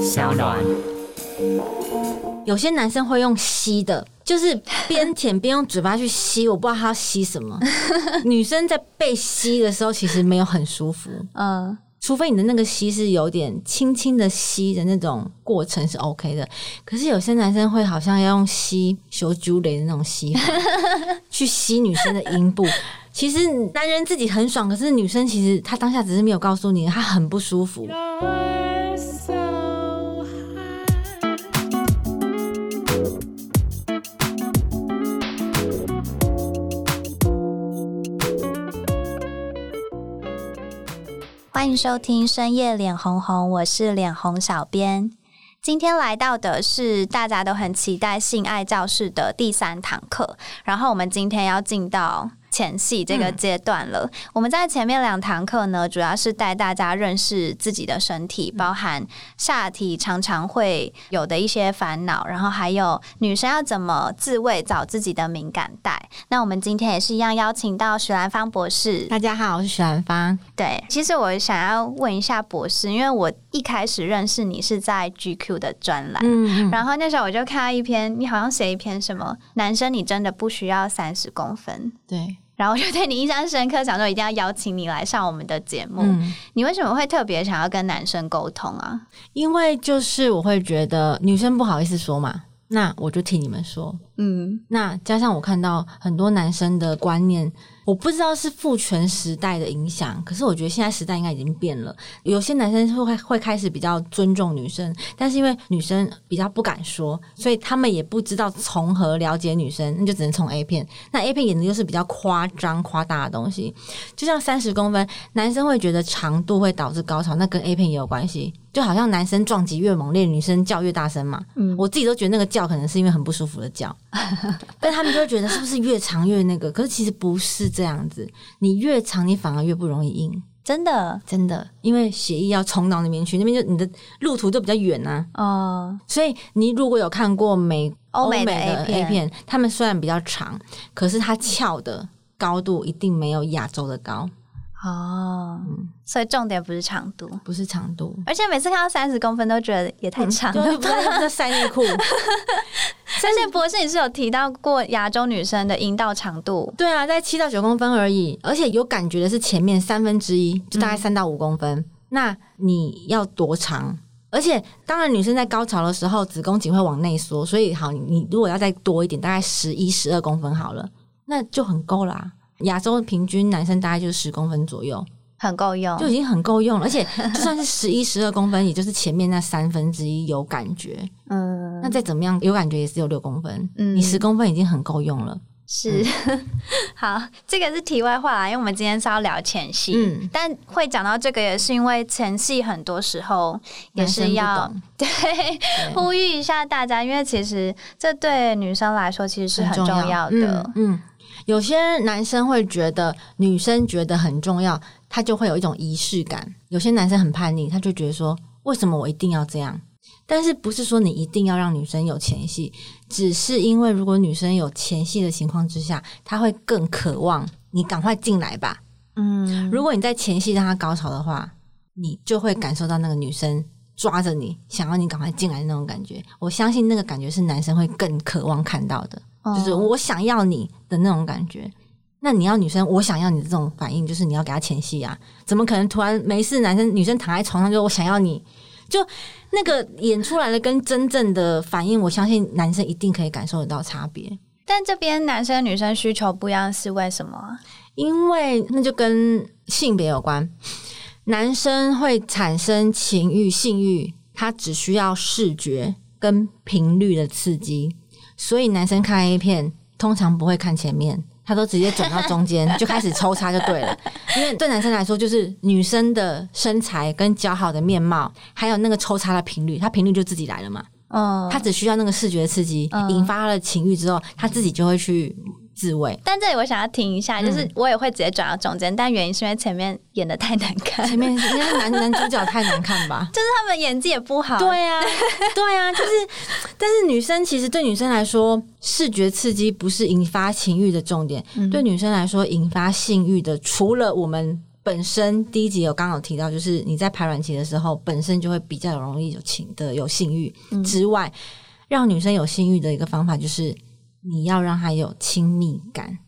小暖，有些男生會用吸的，就是邊舔邊用嘴巴去吸，我不知道他要吸什麼。 女生在被吸的時候，其實沒有很舒服。嗯、 呃，除非你的那個吸是有點輕輕的吸的那種過程是 OK 的。可是有些男生會好像要用吸修 j 雷的那種吸法， 去吸女生的陰部。其實男人自己很爽，可是女生其實她當下只是沒有告訴你，她很不舒服。歡迎收聽深夜臉紅紅，我是臉紅小編。今天來到的是大家都很期待性愛教室的第三堂課，然後我們今天要進到前戲這個階段了，嗯。我們在前面兩堂課呢，主要是帶大家認識自己的身體，嗯，包含下體常常會有的一些煩惱，然後還有女生要怎麼自慰，找自己的敏感帶。那我們今天也是一樣，邀請到許藍方博士。大家好，我是許藍方。對，其實我想要問一下博士，因為我一開始認識你是在 GQ 的專欄，嗯，然後那時候我就看到一篇，你好像寫一篇什麼，男生你真的不需要三十公分。對，然後我就對你印象深刻，想說一定要邀請你來上我們的節目。嗯，你為什麼會特別想要跟男生溝通啊？因為就是我會覺得女生不好意思說嘛，那我就替你們說。嗯，那加上我看到很多男生的觀念。我不知道是父權時代的影響，可是我覺得現在時代應該已經變了。有些男生會會開始比較尊重女生，但是因為女生比較不敢說，所以他們也不知道從何了解女生，那就只能從 A 片。那 A 片演的就是比較誇張、誇大的東西，就像三十公分，男生會覺得長度會導致高潮，那跟 A 片也有關係。就好像男生撞擊越猛烈，女生叫越大聲嘛。嗯，我自己都覺得那個叫可能是因為很不舒服的叫， 但他們就會覺得是不是越長越那個，可是其實不是。這樣子，你越長，你反而越不容易硬，真的，真的，因為血液要衝到那邊去，那邊就你的路途就比較遠啊。啊、哦，所以你如果有看過美歐美的 A 片，他們雖然比較長，可是它翹的高度一定沒有亞洲的高。哦、嗯，所以重點不是長度，不是長度，而且每次看到三十公分都覺得也太長，嗯、對不對？這三葉褲，相 信博士也是有提到過亞洲女生的陰道長， 長度，對啊，在七到九公分而已，而且有感覺的是前面三分之一，就大概三到五公分，嗯。那你要多長？而且當然，女生在高潮的時候子宮頸會往內縮，所以好，你如果要再多一點，大概十一、十二公分好了，那就很夠啦。亞洲平均男生大概就是十公分左右，很夠用，就已經很夠用了。而且就算是十一、十二公分， 也就是前面那三分之一有感覺，嗯，那再怎麼樣有感覺也是有六公分，嗯，你十公分已經很夠用了。是、嗯，好，這個是題外話啦。因為我們今天是要聊前戲，嗯，但會講到這個也是因為前戲很多時候也是要對，對呼籲一下大家，因為其實這對女生來說其實是很重要的，要嗯。嗯有些男生會覺得女生覺得很重要，他就會有一種儀式感。有些男生很叛逆，他就覺得說：“為什麼我一定要這樣？”但是不是說你一定要讓女生有前戲，只是因為如果女生有前戲的情況之下，他會更渴望你趕快進來吧。嗯，如果你在前戲讓他高潮的話，你就會感受到那個女生抓着你，想要你趕快進來的那種感覺。我相信那個感覺是男生會更渴望看到的。就是我想要你的那種感覺，哦，那你要女生我想要你的這種反應，就是你要給她前戲啊，怎麼可能突然沒事？男生女生躺在床上就我想要你，就那個演出來的跟真正的反應，我相信男生一定可以感受得到差別。但這邊男生女生需求不一樣是為什麼？因為那就跟性別有關，男生會產生情慾性慾，他只需要視覺跟頻率的刺激。所以男生看 A 片，通常不會看前面，他都直接轉到中間 就開始抽插就對了。因為對男生來說，就是女生的身材跟姣好的面貌，還有那個抽插的頻率，他頻率就自己來了嘛。哦、嗯，他只需要那個視覺刺激，嗯、引發他的情慾之後，他自己就會去。自慰。但這裡我想要停一下，就是我也會直接轉到中間、嗯，但原因是因為前面演得太難看，前面是，應該是男 男主角太難看吧？就是他們演技也不好，對呀、啊， 對呀、啊，就是， 但是女生其實對女生來說，視覺刺激不是引發情欲的重點、嗯，對女生來說引發性欲的，除了我們本身第一集有剛好提到，就是你在排卵期的時候，本身就會比較容易有情的有性欲、嗯，之外，讓女生有性欲的一個方法就是。你要讓他有親密感，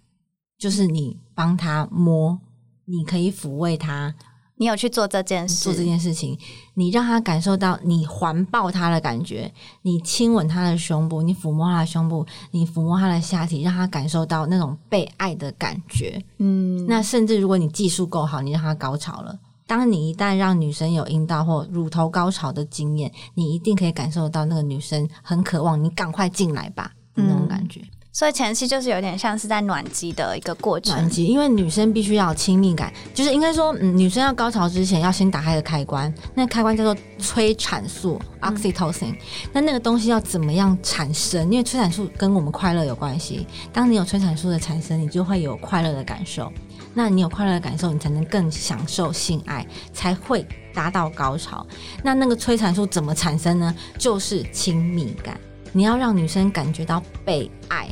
就是你幫他摸，你可以撫慰他。你有去做這件事，做這件事情，你讓他感受到你環抱他的感覺，你親吻他的胸部，你撫摸他的胸部，你撫摸他的下體，讓他感受到那種被愛的感覺。嗯，那甚至如果你技術夠好，你讓他高潮了。當你一旦讓女生有陰道或乳頭高潮的經驗，你一定可以感受到那個女生很渴望，你趕快進來吧。那種感覺、嗯，所以前期就是有點像是在暖機的一個過程。暖機，因為女生必須要親密感，就是應該說，嗯，女生要高潮之前要先打開個開關，那開關叫做催產素 （oxytocin）、嗯。那那個東西要怎麼樣產生？因為催產素跟我們快樂有關係。當你有催產素的產生，你就會有快樂的感受。那你有快樂的感受，你才能更享受性愛，才會達到高潮。那那個催產素怎麼產生呢？就是親密感。你要讓女生感覺到被愛，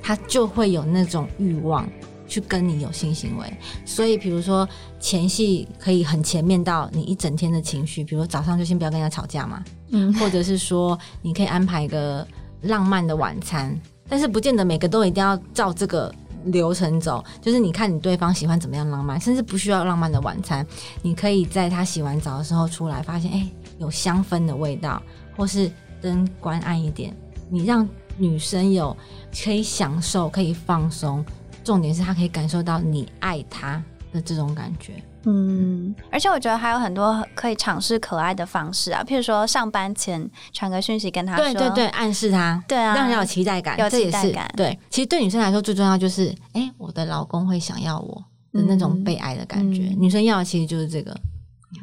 她就會有那種欲望去跟你有性行為。所以，比如說前戲可以很前面到你一整天的情緒，比如說早上就先不要跟人家吵架嘛，嗯，或者是說你可以安排一個浪漫的晚餐，但是不見得每個都一定要照這個流程走。就是你看你對方喜歡怎麼樣浪漫，甚至不需要浪漫的晚餐，你可以在他洗完澡的時候出來，發現哎、欸、有香氛的味道，或是。燈關暗一點，你讓女生有可以享受、可以放鬆，重點是她可以感受到你愛她的這種感覺。嗯，而且我覺得還有很多可以嘗試可愛的方式啊，譬如說上班前傳個訊息跟她說，對對對，暗示她，對啊，讓人有期待感，有期待感。對。其實對女生來說最重要就是，哎，我的老公會想要我的那種被愛的感覺。嗯嗯，女生要的其實就是這個。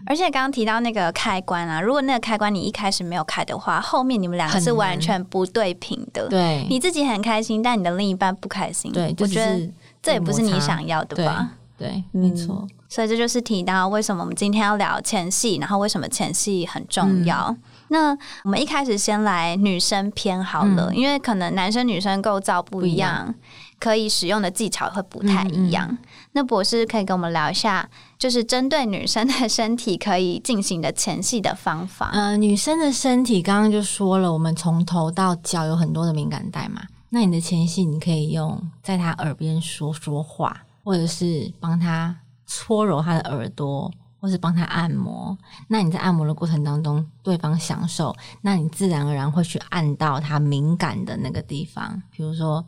而且剛剛提到那個開關啊，如果那個開關你一開始沒有開的話，後面你們兩個是完全不對頻的很很。對，你自己很開心，但你的另一半不開心的。對、就是，我覺得這也不是你想要的吧？對，對，沒錯、嗯。所以這就是提到為什麼我們今天要聊前戲，然後為什麼前戲很重要、嗯。那我們一開始先來女生篇好了、嗯，因為可能男生女生構造不一樣。可以使用的技巧會不太一樣。嗯嗯，那博士可以跟我們聊一下，就是針對女生的身體可以進行的前戲的方法。呃，女生的身體剛剛就說了，我們從頭到腳有很多的敏感帶嘛。那你的前戲，你可以用在她耳邊說說話，或者是幫她搓揉她的耳朵，或是幫她按摩。那你在按摩的過程當中，對方享受，那你自然而然會去按到她敏感的那個地方，比如說。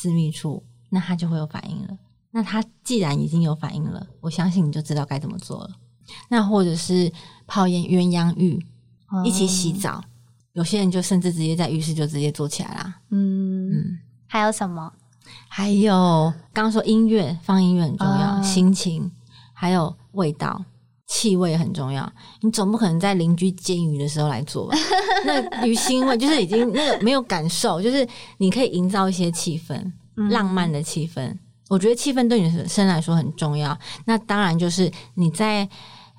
私密處，那他就會有反應了。那他既然已經有反應了，我相信你就知道該怎麼做了。那或者是泡鹽鴛鴦浴，哦，一起洗澡。有些人就甚至直接在浴室就直接做起來啦。嗯嗯，還有什麼？還有剛剛說音樂，放音樂很重要，哦、心情還有味道。氣味很重要，你總不可能在鄰居煎魚的時候來做吧？ 那魚腥味就是已經那個沒有感受，就是你可以營造一些氣氛， 浪漫的氣氛。嗯嗯。我覺得氣氛對女生來說很重要。那當然就是你在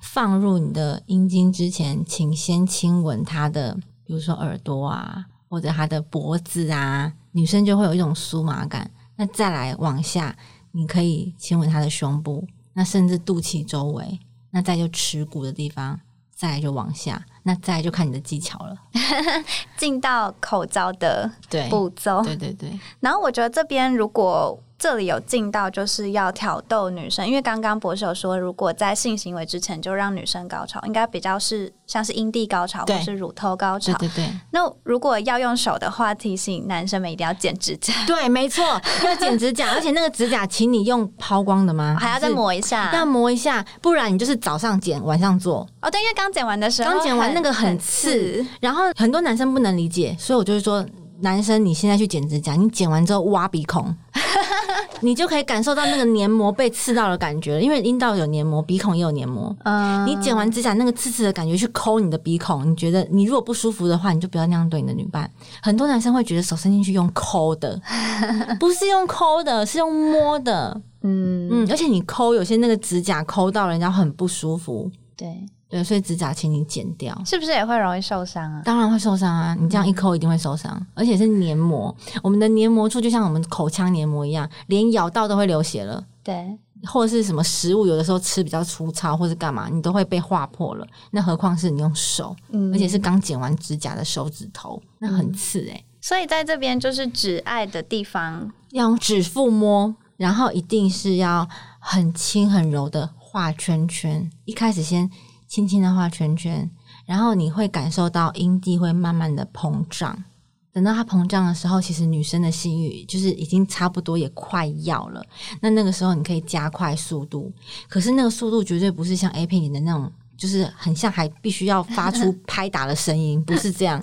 放入你的陰莖之前，請先親吻她的，比如說耳朵啊，或者他的脖子啊，女生就會有一種酥麻感。那再來往下，你可以親吻她的胸部，那甚至肚臍周圍。那再就恥骨的地方，再就往下，那再就看你的技巧了。進 到口交的步驟，對對對、對。然後我覺得這邊如果。這裡有進到就是要挑逗女生，因為剛剛博士有說，如果在性行為之前就讓女生高潮，應該比較是像是陰蒂高、高潮，或是乳頭高潮。對對對。那如果要用手的話，提醒男生們一定要剪指甲。對，沒錯，要、就是、剪指甲， 而且那個指甲，請你用拋光的嗎？還要再磨一下，要磨一下，不然你就是早上剪，晚上做。哦，對，因為剛剪完的時候，剛剪完那個很刺、很、很刺，然後很多男生不能理解，所以我就是說，男生你現在去剪指甲，你剪完之後挖鼻孔。 你就可以感受到那個黏膜，被刺到的感覺，因為陰道有黏膜，鼻孔也有黏膜。嗯，你剪完指甲那個刺刺的感覺，去摳你的鼻孔，你覺得你如果不舒服的話，你就不要那樣對你的女伴。很多男生會覺得手伸進去用摳的，不是用摳的，是用摸的。 嗯嗯，而且你摳有些那個指甲摳到人家很不舒服。對。對，所以指甲請你剪掉，是不是也會容易受傷啊？當然會受傷啊！你這樣一摳，一定會受傷，嗯，而且是黏膜，我們的黏膜處就像我們口腔黏膜一樣，連咬到都會流血了。對，或者是什麼食物，有的時候吃比較粗糙，或者幹嘛，你都會被劃破了。那何況是你用手，嗯、而且是剛剪完指甲的手指頭，那很刺誒、欸嗯、所以在這邊就是指愛的地方，要用指腹摸，然後一定是要很輕很柔的畫圈圈，一開始先。輕輕的畫圈圈，然後你會感受到陰蒂會慢慢的膨脹。等到它膨脹的時候，其實女生的性欲就是已經差不多也快要了。那那個時候你可以加快速度，可是那個速度絕對不是像 A 片裡的那種，就是很像還必須要發出拍打的聲音， 不是這樣。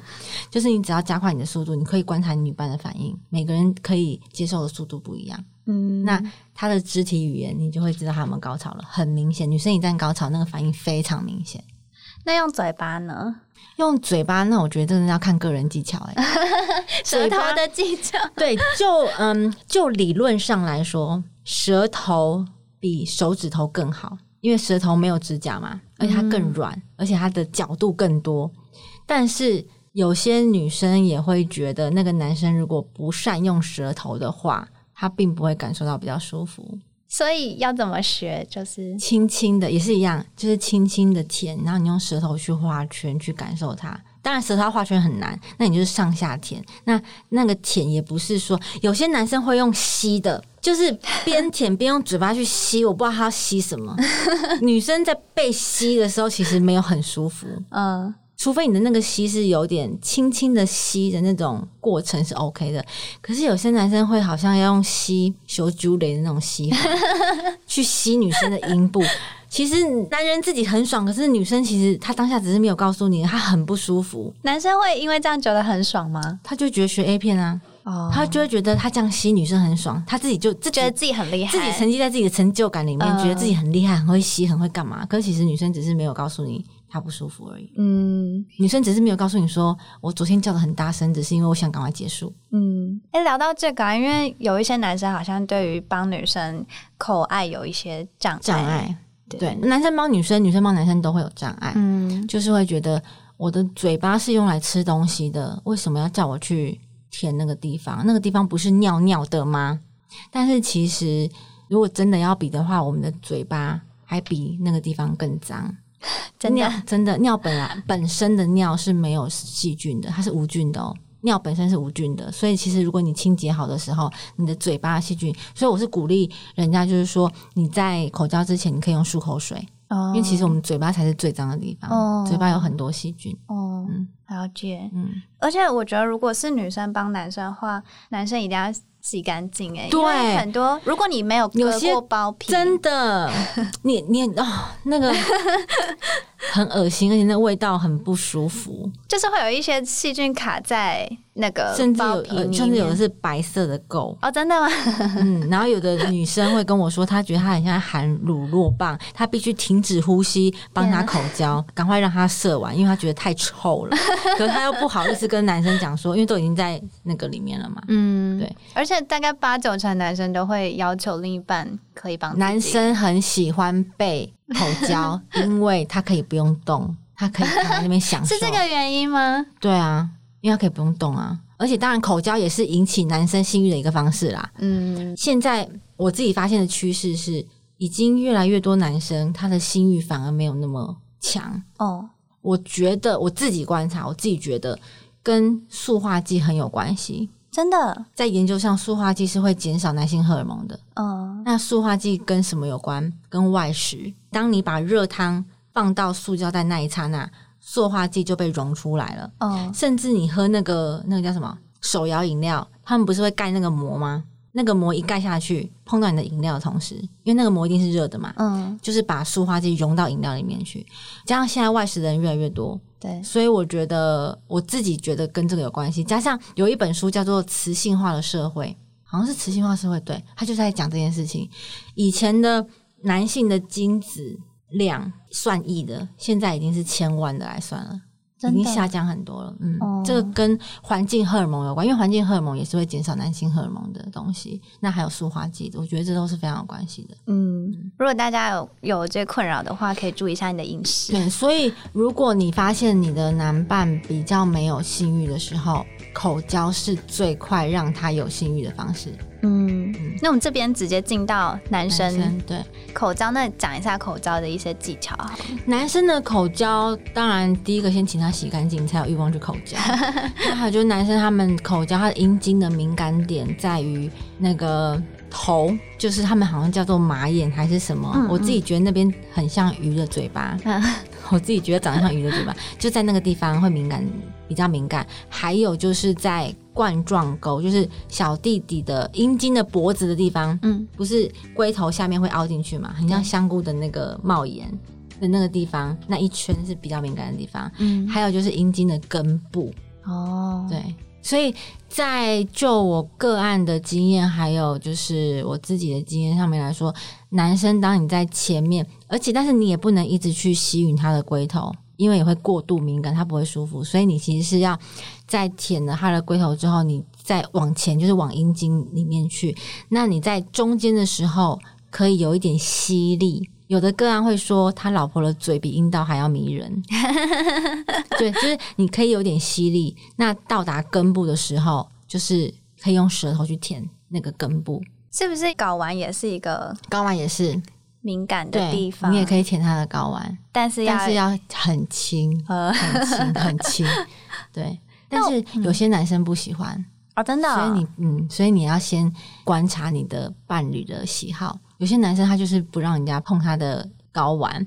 就是你只要加快你的速度，你可以觀察你女伴的反應，每個人可以接受的速度不一樣。嗯，那。他的肢體語言，你就會知道他有沒有高潮了。很明顯，女生一旦高潮，那個反應非常明顯。那用嘴巴呢？用嘴巴，那我覺得真的要看個人技巧哎、欸，舌 頭的技巧。 對，就嗯，就理論上來說，舌頭比手指頭更好，因為舌頭沒有指甲嘛，而且它更軟、嗯，而且它的角度更多。但是有些女生也會覺得，那個男生如果不善用舌頭的話。他並不會感受到比較舒服，所以要怎麼學就是輕輕的，也是一樣，就是輕輕的舔，然後你用舌頭去畫圈去感受它。當然，舌頭畫圈很難，那你就是上下舔。那那個舔也不是說有些男生會用吸的，就是邊舔邊用嘴巴去吸， 我不知道他要吸什麼。女生在被吸的時候其實沒有很舒服，嗯、 呃。除非你的那個吸是有點輕輕的吸的那種過程是 OK 的，可是有些男生會好像要用吸修朱雷的那種吸法 去吸女生的陰部， 其實男人自己很爽，可是女生其實她當下只是沒有告訴你她很不舒服。男生會因為這樣覺得很爽嗎？他就覺得學 A 片啊，哦、他就會覺得他這樣吸女生很爽，他自己就就覺得自己很厲害，自己沉浸在自己的成就感裡面、嗯，覺得自己很厲害，很會吸，很會幹嘛？可是其實女生只是沒有告訴你。他不舒服而已。嗯，女生只是沒有告訴你說，我昨天叫的很大聲，只是因為我想趕快結束。嗯，哎、欸，聊到這個啊，因為有一些男生好像對於幫女生口愛有一些障礙。障礙，對，男生幫女生，女生幫男生都會有障礙。嗯，就是會覺得我的嘴巴是用來吃東西的，為什麼要叫我去舔那個地方？那個地方不是尿尿的嗎？但是其實，如果真的要比的話，我們的嘴巴還比那個地方更髒。真的，真的，尿本來本身的尿是沒有細菌的，它是無菌的哦。尿本身是無菌的，所以其實如果你清潔好的時候，你的嘴巴細菌，所以我是鼓勵人家就是說，你在口交之前你可以用漱口水，oh. 因為其實我們嘴巴才是最髒的地方，oh. 嘴巴有很多細菌。Oh. 嗯了解，嗯，而且我覺得，如果是女生幫男生的話，男生一定要洗乾淨哎，對，很多，如果你沒有割過包皮，真的， 你你哦，那個 很噁心，而且那個味道很不舒服，就是會有一些細菌卡在那個包皮裡，甚至有、呃，甚至有的是白色的垢。哦，真的嗎？ 嗯，然後有的女生會跟我說，她覺得她很像含乳酪棒，她必須停止呼吸，幫她口交，趕、yeah. 快讓她射完，因為她覺得太臭了。 可是他又不好意思跟男生講說，因為都已經在那個裡面了嘛。嗯，對，而且大概八九成男生都會要求另一半可以幫。男生很喜歡被口交， 因為他可以不用動，他可以躺在那邊享受。 是這個原因嗎？對啊，因為他可以不用動啊。而且當然，口交也是引起男生性慾的一個方式啦。嗯，現在我自己發現的趨勢是，已經越來越多男生他的性慾反而沒有那麼強哦。我覺得我自己觀察，我自己覺得跟塑化劑很有關係，真的。在研究上，塑化劑是會減少男性荷爾蒙的。嗯，那塑化劑跟什麼有關？跟外食。當你把熱湯放到塑膠袋那一剎那，塑化劑就被溶出來了。嗯，甚至你喝那個那個叫什麼手搖飲料，他們不是會蓋那個膜嗎？那個膜一蓋下去，碰到你的飲料的同時，因為那個膜一定是熱的嘛，嗯，就是把塑化劑融到飲料裡面去。加上現在外食的人越來越多，對，所以我覺得我自己覺得跟這個有關係。加上有一本書叫做《雌性化的社會》，好像是雌性化社會，對，他就是在講這件事情。以前的男性的精子量算億的，現在已經是千萬的來算了。已經下降很多了，嗯，哦，這個跟環境荷爾蒙有關，因為環境荷爾蒙也是會減少男性荷爾蒙的東西。那還有塑化劑，我覺得這都是非常有關係的，嗯。嗯，如果大家有有這困擾的話，可以注意一下你的飲食。對，所以如果你發現你的男伴比較沒有性欲的時候。口交是最快讓他有性慾的方式嗯。嗯，那我們這邊直接進到男生，男生對口交，那講一下口交的一些技巧好。男生的口交，當然第一個先請他洗乾淨，才有慾望去口交。還有就是男生他們口交，他的陰莖的敏感點在於那個頭，就是他們好像叫做馬眼還是什麼嗯嗯？我自己覺得那邊很像魚的嘴巴， 我自己覺得長得像魚的嘴巴，就在那個地方會敏感。比較敏感，還有就是在冠狀溝，就是小弟弟的陰莖的脖子的地方，嗯，不是龜頭下面會凹進去嘛，很像香菇的那個帽檐的那個地方。嗯，那一圈是比較敏感的地方。嗯，還有就是陰莖的根部。哦，對，所以在就我個案的經驗，還有就是我自己的經驗上面來說，男生當你在前面，而且但是你也不能一直去吸引他的龜頭。因為你會過度敏感，他不會舒服，所以你其實是要在舔了他的龜頭之後，你再往前就是往陰莖裡面去。那你在中間的時候，可以有一點吸力。有的個案會說，他老婆的嘴比陰道還要迷人。 對，就是你可以有點吸力。那到達根部的時候，就是可以用舌頭去舔那個根部，是不是？睾丸也是一個，睾丸也是。敏感的地方，你也可以舔他的睾丸，但是要但是要很輕、嗯，很輕，很輕。 對，但是有些男生不喜歡啊，真的、嗯。所以你嗯，所以你要先觀察你的伴侶的喜好。嗯、有些男生他就是不讓人家碰他的睾丸，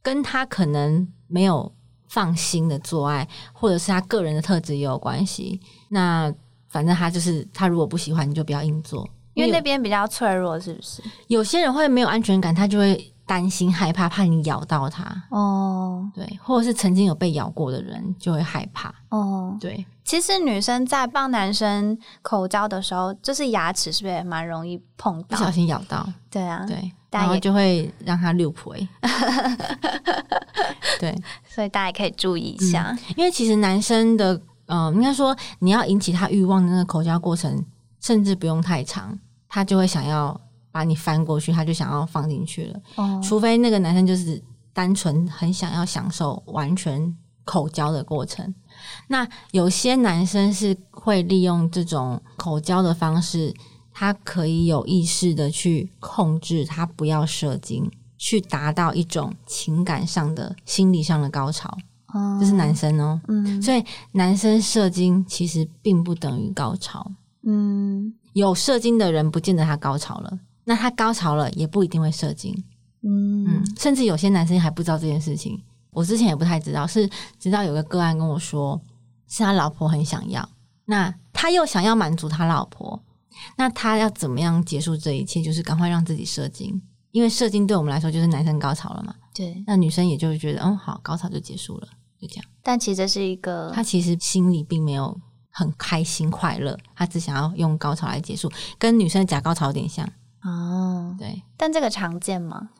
跟他可能沒有放心的做愛，或者是他個人的特質也有關係。那反正他就是他如果不喜歡，你就不要硬做。因為那邊比較脆弱，是不是有？有些人會沒有安全感，他就會擔心、害怕，怕你咬到他。哦、oh.，對，或者是曾經有被咬過的人就會害怕。哦、oh.，對。其實女生在幫男生口交的時候，就是牙齒是不是也蠻容易碰到，不小心咬到？對啊，對，然後就會讓他六婆。 對，所以大家可以注意一下，嗯、因為其實男生的，嗯、呃，應該說你要引起他慾望的那個口交過程，甚至不用太長。他就會想要把你翻過去，他就想要放進去了。哦。除非那個男生就是單純很想要享受完全口交的過程。那有些男生是會利用這種口交的方式，他可以有意識的去控制他不要射精，去達到一種情感上的、的心理上的高潮。哦。這是男生哦。嗯。所以男生射精其實並不等於高潮。嗯。有射精的人不見得他高潮了，那他高潮了也不一定會射精，嗯，嗯，甚至有些男生還不知道這件事情，我之前也不太知道，是直到有個個案跟我說，是他老婆很想要，那他又想要滿足他老婆，那他要怎麼樣結束這一切？就是趕快讓自己射精，因為射精對我們來說就是男生高潮了嘛，對，那女生也就是覺得，嗯，好，高潮就結束了，就這樣。但其實是一個，他其實心裡並沒有。很開心快樂，他只想要用高潮來結束，跟女生的假高潮有點像，哦，對，但這個常見嗎？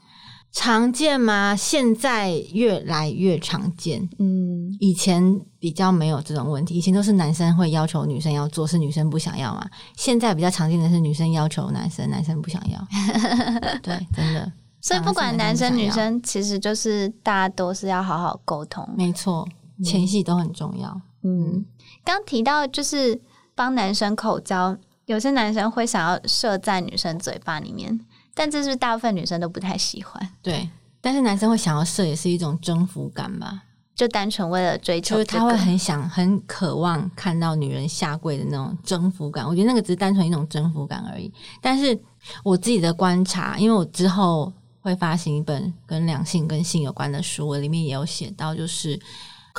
常見嗎？現在越來越常見。嗯，以前比較沒有這種問題，以前都是男生會要求女生要做，是女生不想要嘛。現在比較常見的是女生要求男生，男生不想要。 對，真的。所以不管男生，男生，男生女生，其實就是大家都是要好好溝通。沒錯，嗯，前戲都很重要。嗯。嗯剛提到就是幫男生口交，有些男生會想要射在女生嘴巴裡面，但這是，是大部分女生都不太喜歡。對，但是男生會想要射也是一種征服感吧？就單純為了追求，這個，就是，他會很想，很渴望看到女人下跪的那種征服感。我覺得那個只是單純一種征服感而已。但是我自己的觀察，因為我之後會發行一本跟兩性、跟性有關的書，我裡面也有寫到，就是。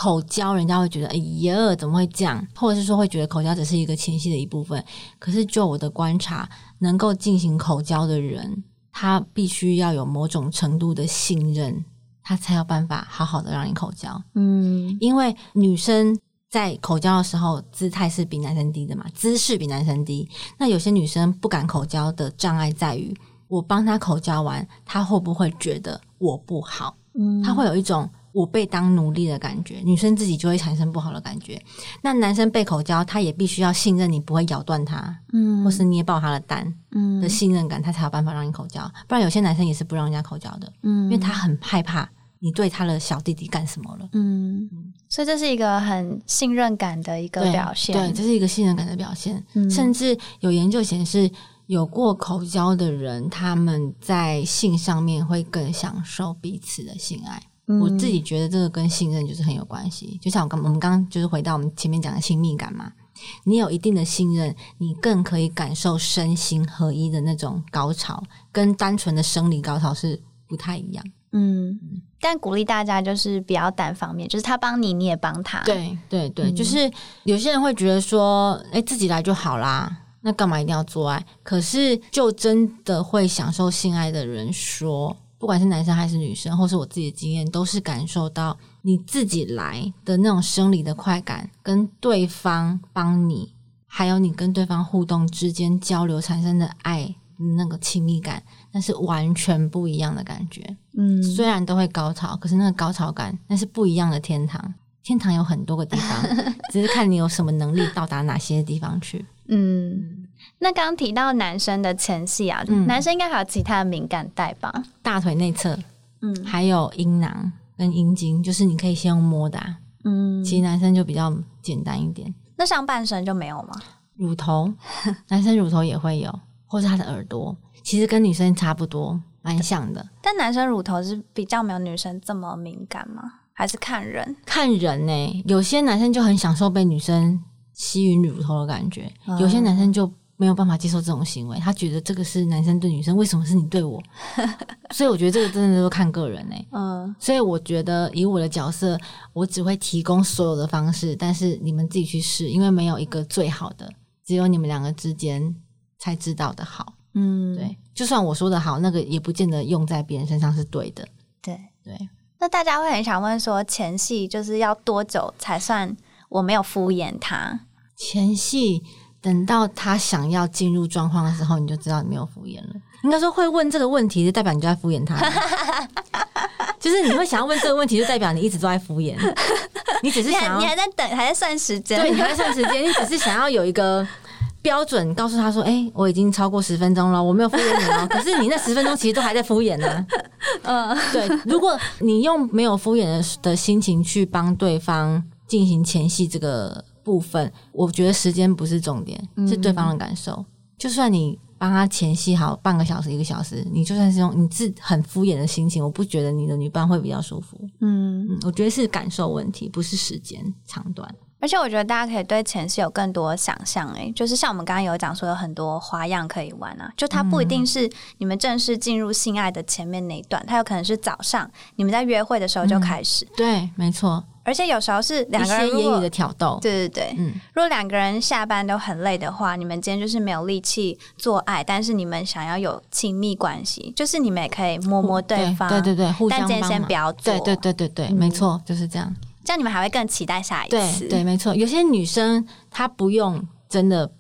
口交，人家會覺得哎呀，呀怎麼會這樣？或者是說，會覺得口交只是一個前戲的一部分。可是，就我的觀察，能夠進行口交的人，他必須要有某種程度的信任，他才有辦法好好的讓你口交。嗯，因為女生在口交的時候，姿態是比男生低的嘛，姿勢比男生低。那有些女生不敢口交的障礙在於，我幫她口交完，她會不會覺得我不好？嗯，她會有一種。我被當奴隸的感覺，女生自己就會產生不好的感覺。那男生被口交，他也必須要信任你不會咬斷他，嗯，或是捏爆他的蛋，嗯，的信任感，嗯，他才有辦法讓你口交。不然有些男生也是不讓人家口交的，嗯，因為他很害怕你對他的小弟弟幹什麼了，嗯，嗯，所以這是一個很信任感的一個表現，對，對，這是一個信任感的表現。嗯，甚至有研究顯示，有過口交的人，他們在性上面會更享受彼此的性愛。我自己覺得這個跟信任就是很有關係，就像我剛我們剛剛就是回到我們前面講的親密感嘛，你有一定的信任，你更可以感受身心合一的那種高潮，跟單純的生理高潮是不太一樣。嗯，但鼓勵大家就是不要單方面，就是他幫你你也幫他。對對對，嗯，就是有些人會覺得說，哎、欸，自己來就好啦，那幹嘛一定要做愛？可是就真的會享受性愛的人說。不管是男生還是女生，或是我自己的經驗，都是感受到你自己來的那種生理的快感，跟對方幫你，還有你跟對方互動之間交流產生的愛，那個親密感，那是完全不一樣的感覺。嗯，雖然都會高潮，可是那個高潮感，那是不一樣的天堂。天堂有很多個地方， 只是看你有什麼能力到達哪些地方去。嗯。那剛剛提到男生的前戲啊、嗯，男生應該還有其他的敏感帶吧？大腿內側，嗯，還有陰囊跟陰莖，就是你可以先用摸的，啊，嗯，其實男生就比較簡單一點。那上半身就沒有嗎？乳頭， 男生乳頭也會有，或是他的耳朵，其實跟女生差不多，蠻像的。但男生乳頭是比較沒有女生這麼敏感嗎？還是看人？看人呢？欸，有些男生就很享受被女生吸吮乳頭的感覺，嗯，有些男生就。沒有辦法接受這種行為，他覺得這個是男生對女生，為什麼是你對我？ 所以我覺得這個真的都看個人嘞、欸。嗯，所以我覺得以我的角色，我只會提供所有的方式，但是你們自己去試，因為沒有一個最好的，只有你們兩個之間才知道的好。嗯，對，就算我說的好，那個也不見得用在別人身上是對的。對對，那大家會很想問說，前戲就是要多久才算我沒有敷衍他？前戲。等到他想要進入狀況的時候，你就知道你沒有敷衍了。應該說，會問這個問題，就代表你就在敷衍他。 就是你會想要問這個問題，就代表你一直都在敷衍。 你只是想要你，你還在等，還在算時間。對，你還在算時間，你只是想要有一個標準，告訴他說：“哎、欸，我已經超過十分鐘了，我沒有敷衍你了。 ”可是你那十分鐘其實都還在敷衍呢、啊。嗯 對。如果你用沒有敷衍的的心情去幫對方進行前戲，這個。部分我覺得時間不是重點，嗯，是對方的感受。就算你幫他前戲好半個小時、一個小時，你就算是用你自很敷衍的心情，我不覺得你的女伴會比較舒服。嗯，我覺得是感受問題，不是時間長短。而且我覺得大家可以對前戲有更多想象，哎，就是像我們剛剛有講說有很多花樣可以玩啊，就它不一定是你們正式進入性愛的前面那一段，嗯、它有可能是早上你們在約會的時候就開始。嗯、對，沒錯。而且有時候是兩個人，言語的挑逗，對對對，嗯。如果兩個人下班都很累的話，你們今天就是沒有力氣做愛，但是你們想要有親密關係，就是你們也可以摸摸對方，對對對，互相。但今天先不要做，對對對對對，沒錯、嗯，就是這樣。這樣你們還會更期待下一次，對、對，沒錯。有些女生她不用真的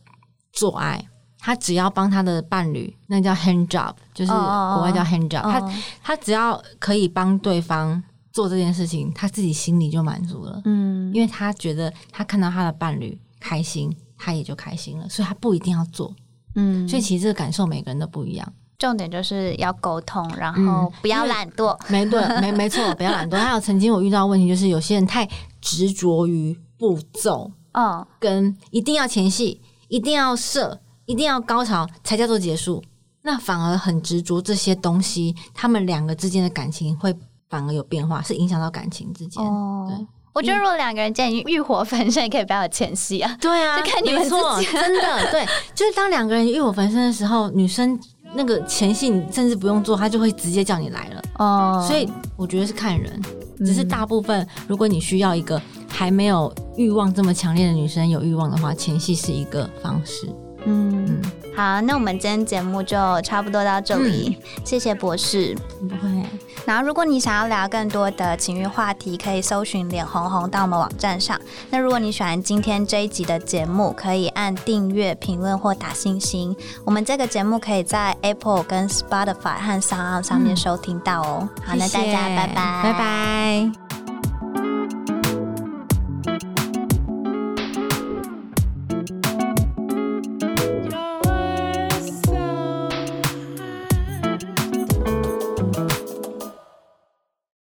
做愛，她只要幫她的伴侶，那個、叫 hand job，就是國外叫 hand job，她、哦、她、哦哦、只要可以幫對方。做這件事情，他自己心裡就滿足了，嗯，因為他覺得他看到他的伴侶開心，他也就開心了，所以他不一定要做，嗯，所以其實這個感受每個人都不一樣。重點就是要溝通，然後不要懶惰，嗯、 沒對，沒沒錯，不要懶惰。還有曾經我遇到的問題就是有些人太執着於步驟，嗯、哦，跟一定要前戲，一定要射，一定要高潮才叫做結束，那反而很執着這些東西，他們兩個之間的感情會。反而有變化，是影響到感情之間。哦、oh, 我覺得如果兩個人之間慾火焚身，也可以不要有前戲啊。對啊，就看你們自己、啊、 真的對，就是當兩個人慾火焚身的時候， 女生那個前戲你甚至不用做，她就會直接叫你來了。哦、oh.，所以我覺得是看人，只是大部分如果你需要一個還沒有慾望這麼強烈的女生有慾望的話，前戲是一個方式。嗯、oh. 嗯，好，那我們今天節目就差不多到這裡，嗯、謝謝博士。不、嗯、會。然後那如果你想要聊更多的情欲話題，可以搜尋臉紅紅到我們網站上。那如果你喜歡今天這一集的節目，可以按訂閱、評論或打星星。我們這個節目可以在 Apple、跟 Spotify 和 SoundOn 上面收聽到哦。嗯、好謝謝，那大家拜拜，拜拜。